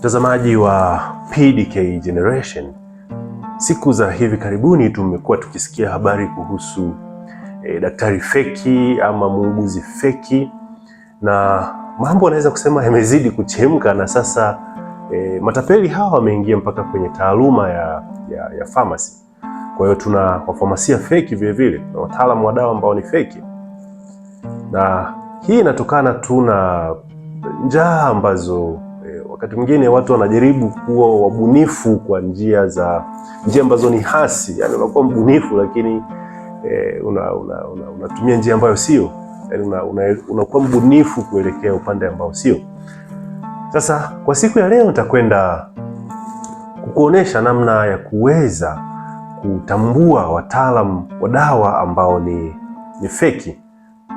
Mtazamaji wa PDK Generation, siku za hivi karibuni tumekuwa tukisikia habari kuhusu e, daktari feki ama muuguzi feki, na mambo anaweza kusema yamezidi kuchemka, na sasa e, matapeli hawa wameingia mpaka kwenye taaluma ya, ya, ya pharmacy. Kwa hiyo tuna wafamasia feki vilevile na wataalamu wa dawa ambao ni feki, na hii inatokana tu na njaa ambazo Wakati mwingine watu wanajaribu kuwa wabunifu kwa njia za njia ambazo ni hasi, yani unakuwa mbunifu lakini eh, unatumia una, una, una njia ambayo sio, yani unakuwa una mbunifu kuelekea upande ambao sio. Sasa kwa siku ya leo nitakwenda kukuonesha namna ya kuweza kutambua wataalam wa dawa ambao ni, ni feki,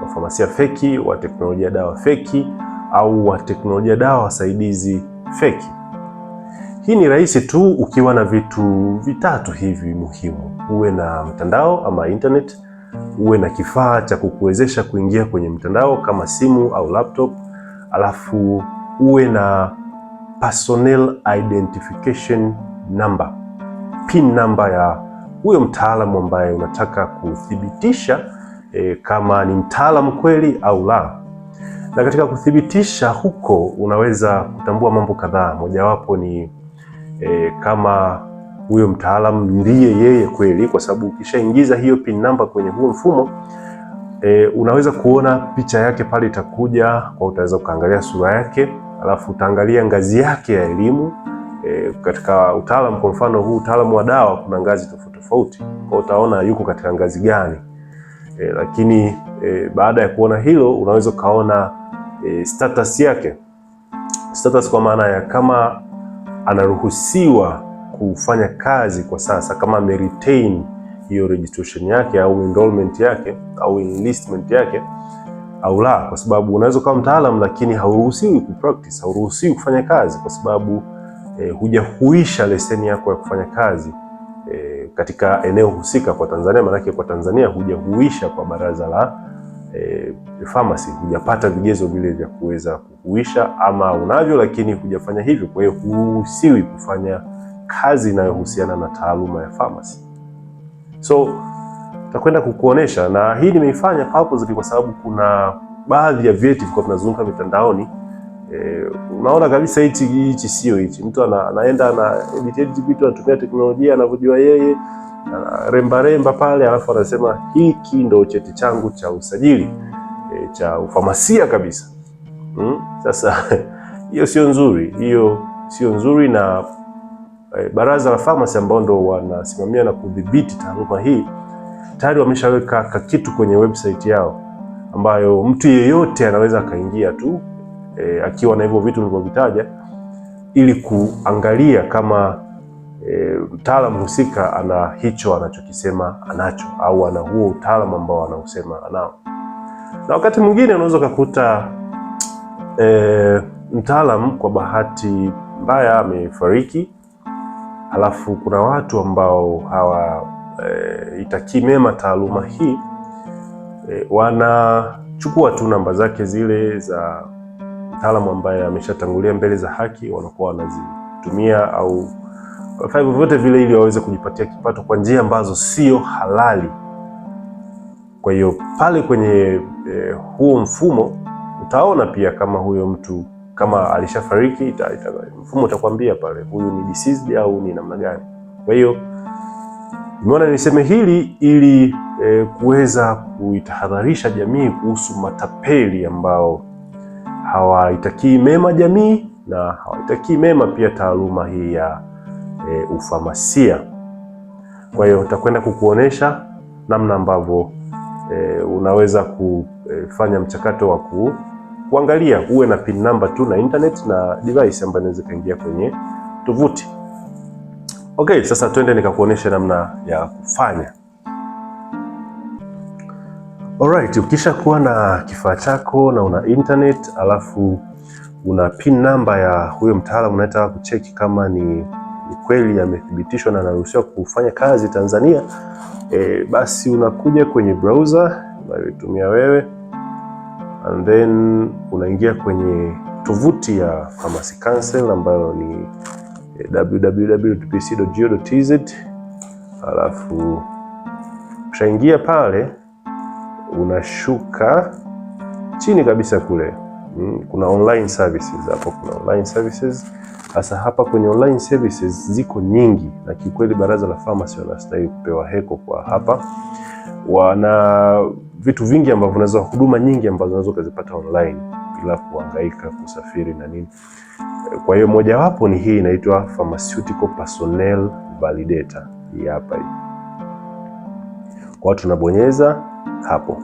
wafamasia feki, wa teknolojia dawa feki au wa teknolojia dawa wasaidizi feki. Hii ni rahisi tu ukiwa na vitu vitatu hivi muhimu: uwe na mtandao ama internet, uwe na kifaa cha kukuwezesha kuingia kwenye mtandao kama simu au laptop, alafu uwe na personal identification number, pin number ya huyo mtaalamu ambaye unataka kuthibitisha e, kama ni mtaalamu kweli au la. Na katika kuthibitisha huko unaweza kutambua mambo kadhaa, mojawapo ni e, kama huyo mtaalamu ndiye yeye kweli, kwa sababu ukishaingiza hiyo pin number kwenye huo mfumo e, unaweza kuona picha yake pale itakuja kwa, utaweza kuangalia sura yake, alafu utaangalia ngazi yake ya elimu e, katika utaalamu. Kwa mfano huu utaalamu wa dawa kuna ngazi tofauti tofauti, kwa utaona yuko katika ngazi gani e, lakini e, baada ya kuona hilo unaweza ukaona e, status yake, status kwa maana ya kama anaruhusiwa kufanya kazi kwa sasa, kama ameretain hiyo registration yake au enrollment yake au enlistment yake au la, kwa sababu unaweza ukawa mtaalam lakini hauruhusiwi kupractice, hauruhusiwi kufanya kazi kwa sababu e, hujahuisha leseni yako ya kufanya kazi e, katika eneo husika kwa Tanzania, maanake kwa Tanzania hujahuisha kwa baraza la e, pharmacy hujapata vigezo vile vya kuweza kuhuisha, ama unavyo lakini hujafanya hivyo. Kwa hiyo huruhusiwi kufanya kazi inayohusiana na taaluma ya pharmacy. So takwenda kukuonesha, na hii nimeifanya purposely kwa sababu kuna baadhi ya vyeti vilikuwa vinazunguka mitandaoni. E, unaona kabisa hichi hichi sio hichi. Mtu anaenda na edit vitu anatumia teknolojia anavyojua yeye rembaremba pale, alafu anasema hiki ndo cheti changu cha usajili e, cha ufamasia kabisa hmm? Sasa hiyo sio nzuri, hiyo sio nzuri na e, Baraza la Famasi ambao ndo wanasimamia na kudhibiti taaluma hii tayari wameshaweka kakitu kwenye website yao ambayo mtu yeyote anaweza akaingia tu e, akiwa na hivyo vitu nilivyovitaja ili kuangalia kama e, mtaalamu husika ana hicho anachokisema anacho au ana huo utaalamu ambao anausema anao, na wakati mwingine unaweza ukakuta e, mtaalamu kwa bahati mbaya amefariki, alafu kuna watu ambao hawa e, mema taaluma hii e, wanachukua tu namba zake zile za mtaalamu ambaye ameshatangulia mbele za haki, wanakuwa wanazitumia au kwa vyovyote vile, ili waweze kujipatia kipato kwa njia ambazo sio halali. Kwa hiyo pale kwenye e, huo mfumo utaona pia kama huyo mtu kama alishafariki ita, ita, mfumo utakwambia pale huyu ni deceased au ni namna gani. Kwa hiyo nimeona niseme hili ili e, kuweza kuitahadharisha jamii kuhusu matapeli ambao hawaitakii mema jamii na hawaitakii mema pia taaluma hii ya e, eh, ufamasia. Kwa hiyo utakwenda kukuonesha namna ambavyo e, unaweza kufanya mchakato wa ku, kuangalia uwe na pin number tu na internet na device ambayo inaweza kaingia kwenye tovuti. Okay, sasa twende nikakuonesha namna ya kufanya. Alright, ukisha kuwa na kifaa chako na una internet alafu una pin number ya huyo mtaalamu unayetaka kucheki kama ni ni kweli yamethibitishwa na anaruhusiwa kufanya kazi Tanzania, e, basi unakuja kwenye browser unayoitumia wewe and then unaingia kwenye tovuti ya Pharmacy Council ambayo ni e, www.pc.go.tz, alafu ushaingia pale, unashuka chini kabisa kule, hmm, kuna online services hapo, kuna online services sasa hapa kwenye online services ziko nyingi, na kikweli baraza la pharmacy wanastahili kupewa heko kwa hapa, wana vitu vingi ambavyo unaweza, huduma nyingi ambazo unaweza ukazipata online bila kuhangaika kusafiri na nini. Kwa hiyo mojawapo ni hii inaitwa pharmaceutical personnel validator, hii hapa hii. Kwa hiyo tunabonyeza hapo,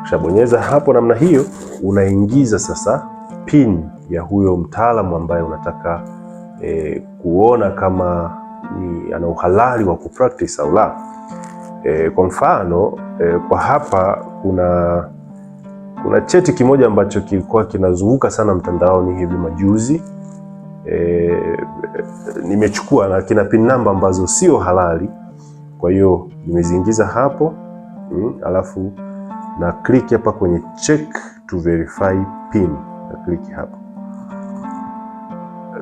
ukishabonyeza hapo namna hiyo, unaingiza sasa pin ya huyo mtaalamu ambaye unataka e, kuona kama ni ana uhalali wa kupractice au la. E, kwa mfano e, kwa hapa kuna kuna cheti kimoja ambacho kilikuwa kinazunguka sana mtandaoni hivi majuzi e, nimechukua na kina pin namba ambazo sio halali, kwa hiyo nimeziingiza hapo mm, alafu na click hapa kwenye check to verify pin click hapo.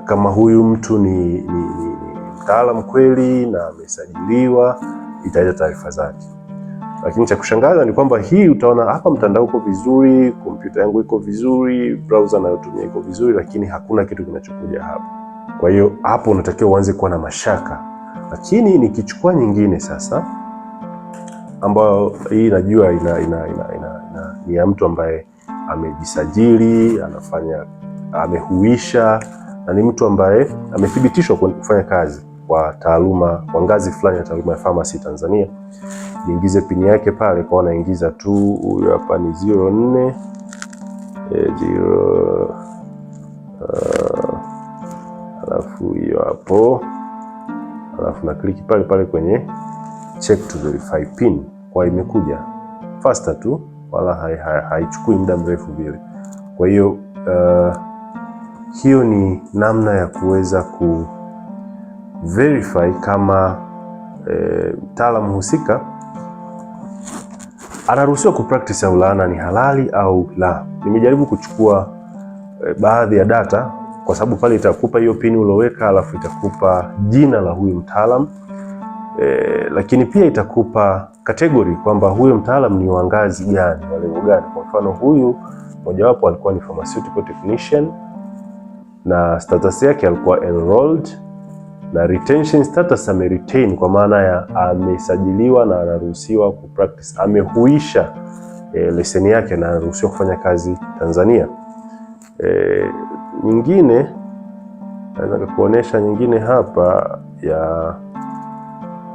Kama huyu mtu ni, ni, ni mtaalam kweli na amesajiliwa, itaja taarifa zake. Lakini cha kushangaza ni kwamba hii utaona hapa, mtandao uko vizuri, kompyuta yangu iko vizuri, browser nayotumia iko vizuri, lakini hakuna kitu kinachokuja hapo Kwa hiyo hapo unatakiwa uanze kuwa na mashaka. Lakini nikichukua nyingine sasa, ambayo hii najua ina, ina, ina, ina, ina, ni ya mtu ambaye amejisajili, anafanya amehuisha na ni mtu ambaye amethibitishwa kufanya kazi kwa taaluma kwa ngazi fulani ya taaluma ya pharmacy Tanzania. Niingize pini yake pale, kwa naingiza tu, huyo hapa ni 04 e, uh, alafu hiyo hapo, alafu na kliki pale pale kwenye check to verify pin, kwa imekuja faster tu wala haichukui hai, hai, muda mrefu vile. Kwa hiyo uh, hiyo ni namna ya kuweza ku verify kama eh, mtaalamu eh, husika anaruhusiwa ku practice au laana ni halali au la. Nimejaribu kuchukua eh, baadhi ya data kwa sababu pale itakupa hiyo pini ulioweka, alafu itakupa jina la huyu mtaalamu Eh, lakini pia itakupa kategori kwamba huyo mtaalam ni wa ngazi gani, wa level gani. Kwa mfano huyu mojawapo alikuwa ni pharmaceutical technician na status yake alikuwa enrolled na retention status ame retain kwa maana ya amesajiliwa na anaruhusiwa ku practice, amehuisha e, leseni yake na anaruhusiwa kufanya kazi Tanzania. E, nyingine naweza kuonesha nyingine hapa ya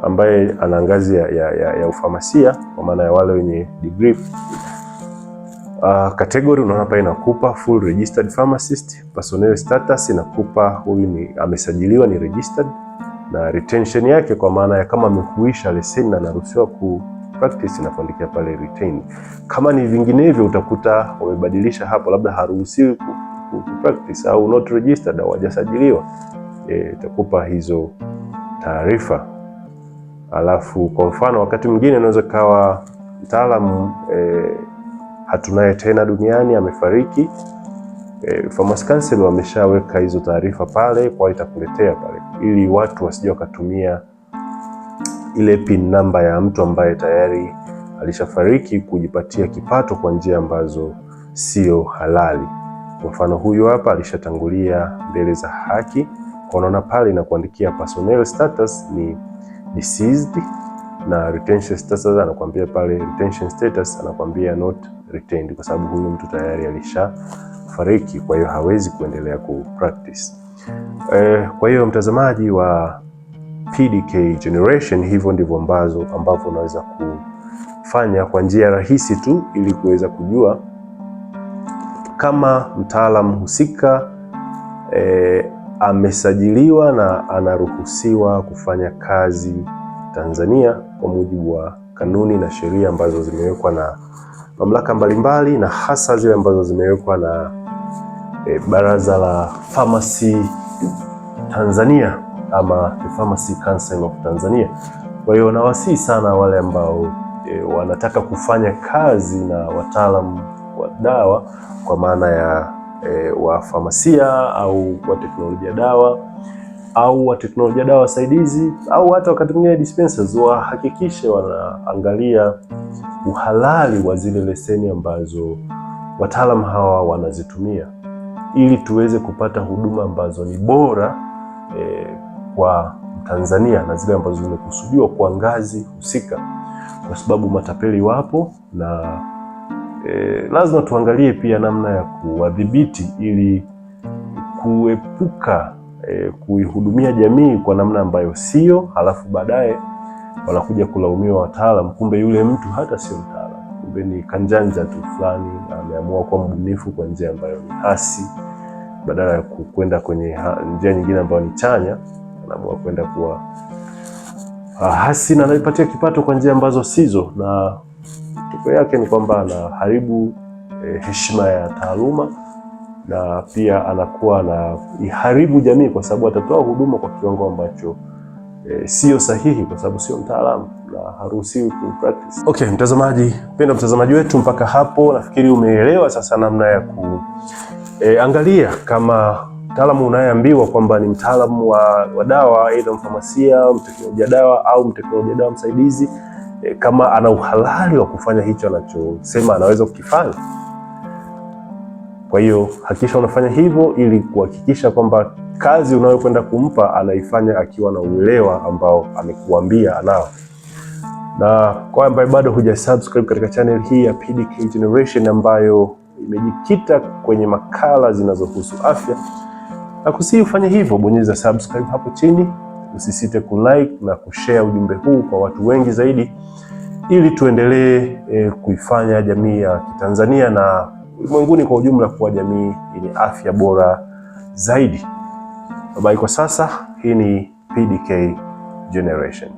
ambaye ana ngazi ya, ya, ya, ya ufamasia kwa maana ya wale wenye degree uh, category unaona hapa inakupa full registered pharmacist, personnel status inakupa huyu ni amesajiliwa ni registered, na retention yake kwa maana ya kama amekuisha leseni na anaruhusiwa ku practice na kuandikia pale retained. Kama ni vinginevyo utakuta wamebadilisha hapo, labda haruhusiwi ku, ku, ku practice au not registered au hajasajiliwa, eh, itakupa e, hizo taarifa. Alafu kwa mfano wakati mwingine unaweza kawa mtaalamu e, hatunaye tena duniani, amefariki. E, Famous Council wameshaweka hizo taarifa pale kwa itakuletea pale, ili watu wasije wakatumia ile pin namba ya mtu ambaye tayari alishafariki kujipatia kipato kwa njia ambazo sio halali. Kwa mfano huyu hapa alishatangulia mbele za haki, kwa unaona pale na kuandikia personnel status ni ni seized na retention status anakuambia pale retention status anakuambia not retained, kwa sababu huyu mtu tayari alisha fariki, kwa hiyo hawezi kuendelea ku practice. Eh, kwa hiyo mtazamaji wa PDK Generation, hivyo ndivyo ambazo ambavyo unaweza kufanya kwa njia rahisi tu ili kuweza kujua kama mtaalamu husika eh, amesajiliwa na anaruhusiwa kufanya kazi Tanzania kwa mujibu wa kanuni na sheria ambazo zimewekwa na mamlaka mbalimbali na hasa zile ambazo zimewekwa na e, Baraza la Pharmacy Tanzania ama The Pharmacy Council of Tanzania. Kwa hiyo nawasihi sana wale ambao e, wanataka kufanya kazi na wataalamu wa dawa kwa maana ya e, wa famasia au wa teknolojia dawa au wa teknolojia dawa wasaidizi au hata wakati mwingine dispensers wahakikishe wanaangalia uhalali wa zile leseni ambazo wataalamu hawa wanazitumia ili tuweze kupata huduma ambazo ni bora e, kwa Tanzania na zile ambazo zimekusudiwa kwa ngazi husika, kwa sababu matapeli wapo na E, lazima tuangalie pia namna ya kuwadhibiti ili kuepuka e, kuihudumia jamii kwa namna ambayo sio, halafu baadaye wanakuja kulaumiwa wataalam, kumbe yule mtu hata sio mtaalam, kumbe ni kanjanja tu fulani ameamua kuwa mbunifu kwa njia ambayo ni hasi, badala ya kwenda kwenye njia nyingine ambayo ni chanya, anaamua kwenda kuwa ah, hasi na anaipatia kipato kwa njia ambazo sizo na matokeo yake ni kwamba anaharibu e, heshima ya taaluma na pia anakuwa anaiharibu jamii, kwa sababu atatoa huduma kwa kiwango ambacho e, sio sahihi, kwa sababu sio mtaalamu na haruhusiwi ku practice. Okay, mtazamaji penda mtazamaji wetu, mpaka hapo nafikiri umeelewa sasa namna ya ku e, angalia kama mtaalamu unayeambiwa kwamba ni mtaalamu wa, wa dawa aidha mfamasia, mteknolojia dawa au mteknolojia dawa msaidizi e, kama ana uhalali wa kufanya hicho anachosema anaweza kukifanya. Kwa hiyo hakikisha unafanya hivyo ili kuhakikisha kwamba kazi unayokwenda kumpa anaifanya akiwa na uelewa ambao amekuambia anao. Na kwa ambaye bado hujasubscribe katika channel hii ya PDK Generation ambayo imejikita kwenye makala zinazohusu afya, na kusii ufanye hivyo, bonyeza subscribe hapo chini Usisite kulike na kushare ujumbe huu kwa watu wengi zaidi, ili tuendelee e, kuifanya jamii ya Kitanzania na ulimwenguni kwa ujumla kuwa jamii yenye afya bora zaidi. Babai kwa sasa, hii ni PDK Generation.